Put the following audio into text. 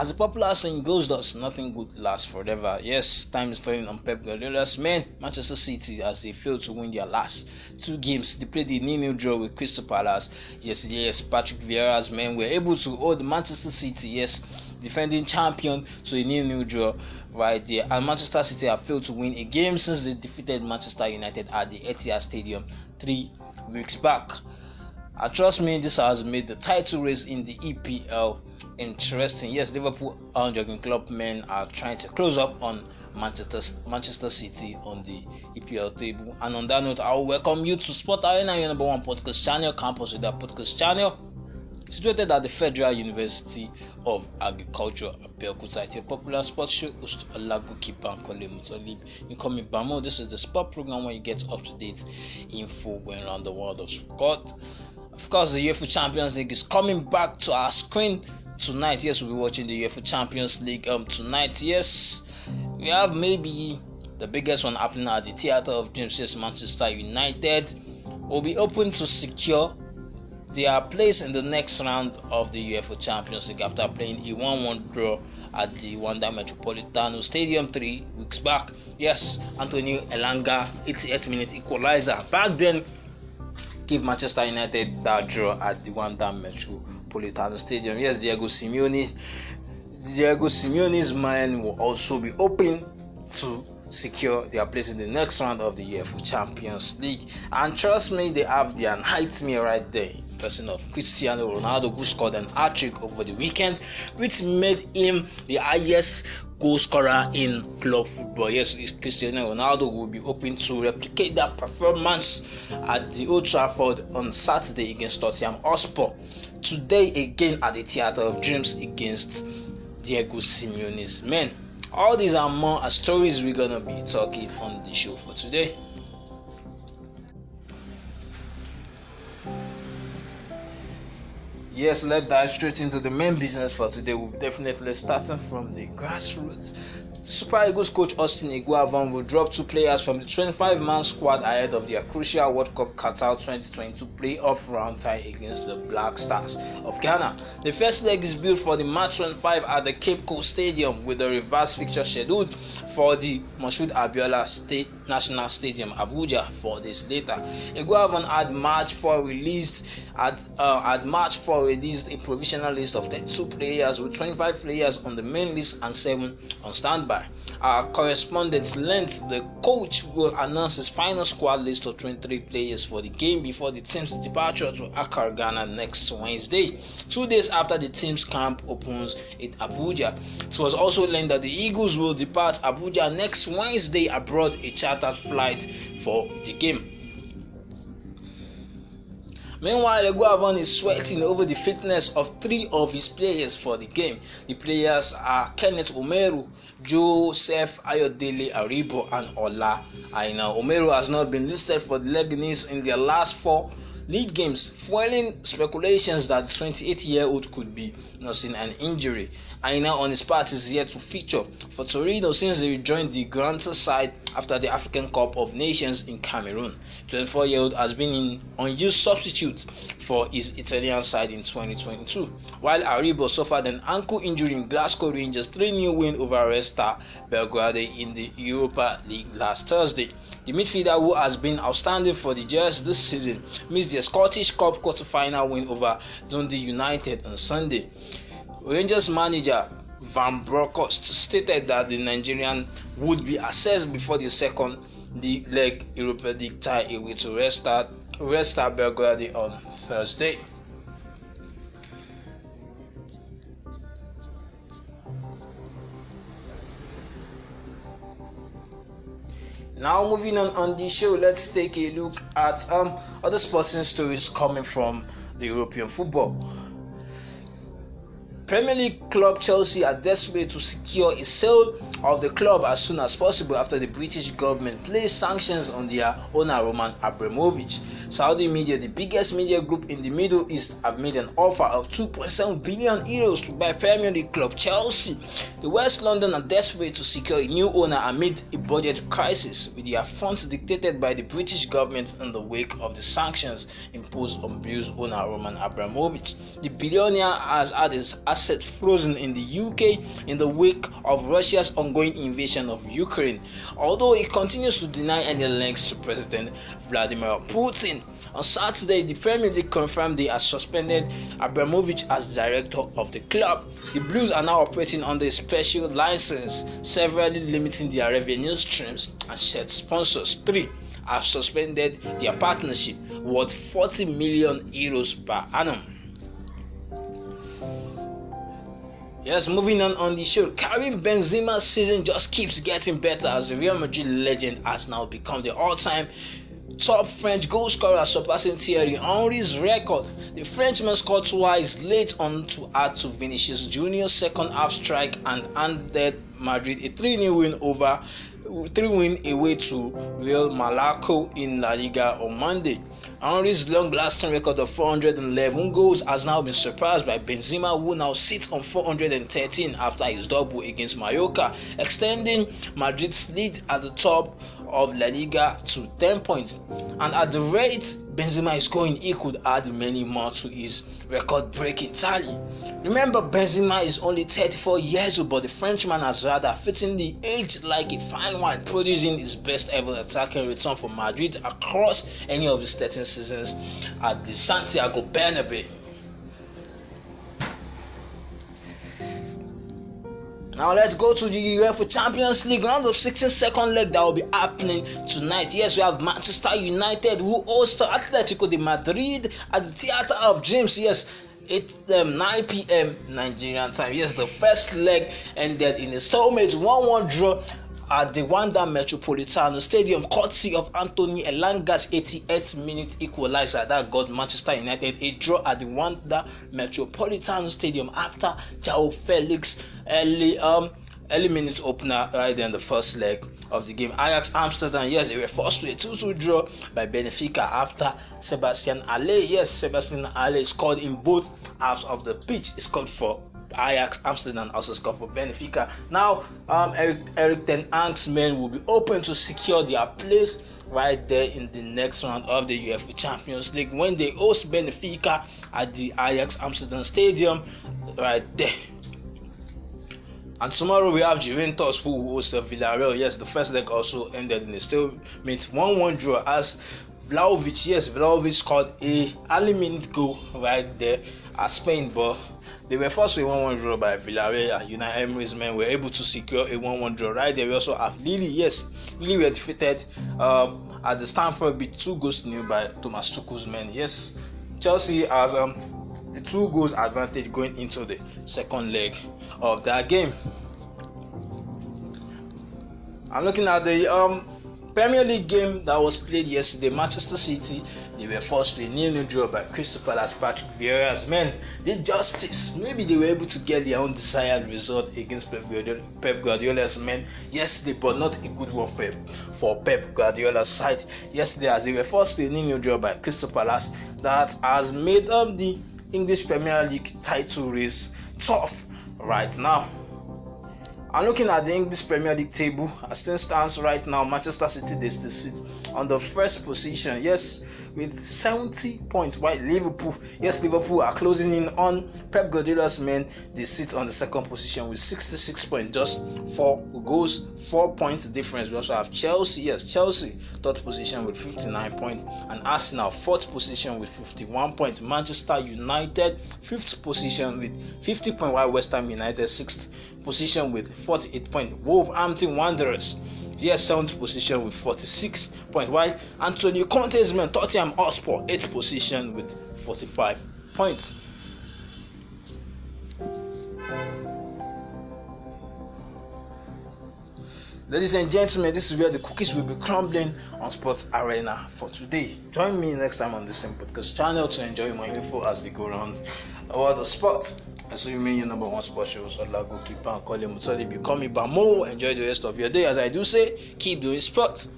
As the popular saying goes, does nothing good last forever? Yes, time is turning on Pep Guardiola's men, Manchester City, as they failed to win their last two games. They played a new new draw with Crystal Palace. Yes, yes, Patrick Vieira's men were able to hold Manchester City, yes, defending champion, to a new new draw right there. And Manchester City have failed to win a game since they defeated Manchester United at the Etihad Stadium three weeks back. And trust me, this has made the title race in the EPL interesting. Yes, Liverpool and Jurgen Klopp men are trying to close up on Manchester Manchester City on the EPL table. And on that note, I will welcome you to Sport Arena, your number one podcast channel, campus with that podcast channel, situated at the Federal University of Agriculture Abeokuta. It's a popular sports show host Olagoke Bankole Mutolib. You call me Bamo. This is the sport program where you get up to date info going around the world of sport. Of course, the UEFA Champions League is coming back to our screen tonight. Yes, we'll be watching the UEFA Champions League um tonight. Yes, we have maybe the biggest one happening at the Theatre of Dreams. Yes, Manchester United will be open to secure their place in the next round of the UEFA Champions League after playing a 1-1 draw at the Wanda Metropolitano Stadium three weeks back. Yes, Antonio Elanga, 88 minute equalizer. Back then, give Manchester United that draw at the Wanda Metro Napolitano Stadium. Yes, Diego Simeone. Diego Simeone's mind will also be open to secure their place in the next round of the UEFA Champions League. And trust me, they have their nightmare right there. Person of Cristiano Ronaldo, who scored an hat trick over the weekend, which made him the highest goal scorer in club football. Yes, Cristiano Ronaldo will be hoping to replicate that performance at the Old Trafford on Saturday against Tottenham Hotspur today again at the Theater of Dreams against Diego Simeone's men. All these and more are stories we're gonna be talking on the show for today. Yes, let's dive straight into the main business for today. We're definitely starting from the grassroots. Super Eagles coach Austin Iguavan will drop two players from the 25-man squad ahead of their crucial World Cup Qatar 2022 playoff round tie against the Black Stars of Ghana. The first leg is built for the match 25 at the Cape Coast Stadium with the reverse fixture scheduled for the Moshood Abiola State National Stadium, Abuja, four days later. Iguavan had March 4 released at uh, at March 4 released a provisional list of 32 players with 25 players on the main list and seven on standby. December. Our correspondent learned the coach will announce his final squad list of 23 players for the game before the team's departure to Accra, Ghana next Wednesday, two days after the team's camp opens in Abuja. It was also learned that the Eagles will depart Abuja next Wednesday aboard a chartered flight for the game. Meanwhile, Leguavon is sweating over the fitness of three of his players for the game. The players are Kenneth Omeru, Joseph Ayodele Aribo, and Ola I know Omeru has not been listed for the Leganese in their last four league games, foiling speculations that the 28 year old could be nursing an injury. Aina, on his part, is yet to feature for Torino since he rejoined the Grand side after the African Cup of Nations in Cameroon. 24 year old has been an unused substitute for his Italian side in 2022, while Aribo suffered an ankle injury in Glasgow Rangers' 3 0 win over Red Star Belgrade in the Europa League last Thursday. The midfielder, who has been outstanding for the Jazz this season, missed the a Scottish Cup quarter-final win over Dundee United on Sunday. Rangers manager Van Bronckhorst stated that the Nigerian would be assessed before the second leg Europa League tie. It will to restart Resta Belgrade on Thursday. Now moving on on the show, let's take a look at um other sporting stories coming from the European football. Premier League club Chelsea are desperate to secure a sale of the club as soon as possible after the British government placed sanctions on their owner Roman Abramovich. Saudi media, the biggest media group in the Middle East, have made an offer of 2.7 billion euros to buy Premier League club Chelsea. The West London are desperate to secure a new owner amid a budget crisis, with their funds dictated by the British government in the wake of the sanctions imposed on Bills owner Roman Abramovich. The billionaire has had his assets frozen in the UK in the wake of Russia's ongoing invasion of Ukraine, although he continues to deny any links to President Vladimir Putin. On Saturday, the Premier League confirmed they have suspended Abramovich as director of the club. The Blues are now operating under a special license, severely limiting their revenue streams and set sponsors. 3 have suspended their partnership worth 40 million euros per annum. Yes, moving on on the show, Karim Benzema's season just keeps getting better as the Real Madrid legend has now become the all-time top French goal scorer surpassing Thierry Henry's record. The Frenchman scored twice late on to add to Vinicius Junior's second half strike and handed Madrid a 3 0 win over 3 win away to Real Malaco in La Liga on Monday. Henry's long lasting record of 411 goals has now been surpassed by Benzema, who now sits on 413 after his double against Mallorca, extending Madrid's lead at the top of La Liga to 10 points. And at the rate Benzema is going, he could add many more to his record breaking tally. Remember, Benzema is only 34 years old, but the Frenchman has rather fitting the age like a fine wine, producing his best ever attacking return for Madrid across any of his 13 seasons at the Santiago Bernabeu. Now let's go to the UEFA Champions League round of 16 second leg that will be happening tonight. Yes, we have Manchester United who host Atletico de Madrid at the Theatre of Dreams. Yes, 8 um, 9 p.m. Nigerian time. Yes, the first leg ended in a soulmate 1 1 draw at the Wanda Metropolitan Stadium, courtesy of Anthony Elanga's 88th minute equalizer that got Manchester United a draw at the Wanda Metropolitan Stadium after Jao Felix early um early minutes opener right in the first leg of the game. Ajax Amsterdam, yes, they were forced to a 2 2 draw by Benfica after Sebastian Ale. Yes, Sebastian Ale scored in both halves of the pitch. He scored for Ajax Amsterdam also scored for Benfica. Now, um, Eric, Eric Ten Hag's men will be open to secure their place right there in the next round of the UEFA Champions League when they host Benfica at the Ajax Amsterdam Stadium right there And tomorrow we have Juventus who host Villarreal. Yes, the first leg also ended in a stalemate 1-1 draw as Vlaovic, yes, Vlaovic scored a early minute goal right there at Spain, but they were forced to a 1-1 draw by Villarreal and United Emirates men were able to secure a 1-1 draw. Right there, we also have Lille, yes, Lille were defeated um, at the Stamford Bridge, two goals to by Thomas Tuchel's men. Yes, Chelsea has um, two goals advantage going into the second leg of that game. I'm looking at the um, Premier League game that was played yesterday. Manchester City they were forced to a new new draw by Crystal Palace Patrick Vieira men did justice. Maybe they were able to get their own desired result against Pep, Guardiola, Pep Guardiola's men yesterday, but not a good one for, for Pep Guardiola's side yesterday as they were forced to a new draw by Crystal Palace that has made up the English Premier League title race tough right now. And looking at the English Premier League table, as things stands right now, Manchester City they still sit on the first position. Yes, with 70 points, while Liverpool, yes, Liverpool are closing in on Pep Guardiola's men. They sit on the second position with 66 points, just four goals, four points difference. We also have Chelsea, yes, Chelsea third position with 59 points, and Arsenal fourth position with 51 points. Manchester United fifth position with 50 points, while West Ham United sixth position with 48 points. Wolverhampton Wanderers seventh position with 46 points, while Antonio Conte's men Tottenham Hotspur 8th position with 45 points. Ladies and gentlemen, this is where the cookies will be crumbling on Sports Arena for today. Join me next time on the same podcast channel to enjoy my info as they go around the world of sports. assuming you number one sports show Sola goalkeeper and So they become Ibamo. Enjoy the rest of your day. As I do say, keep doing sports.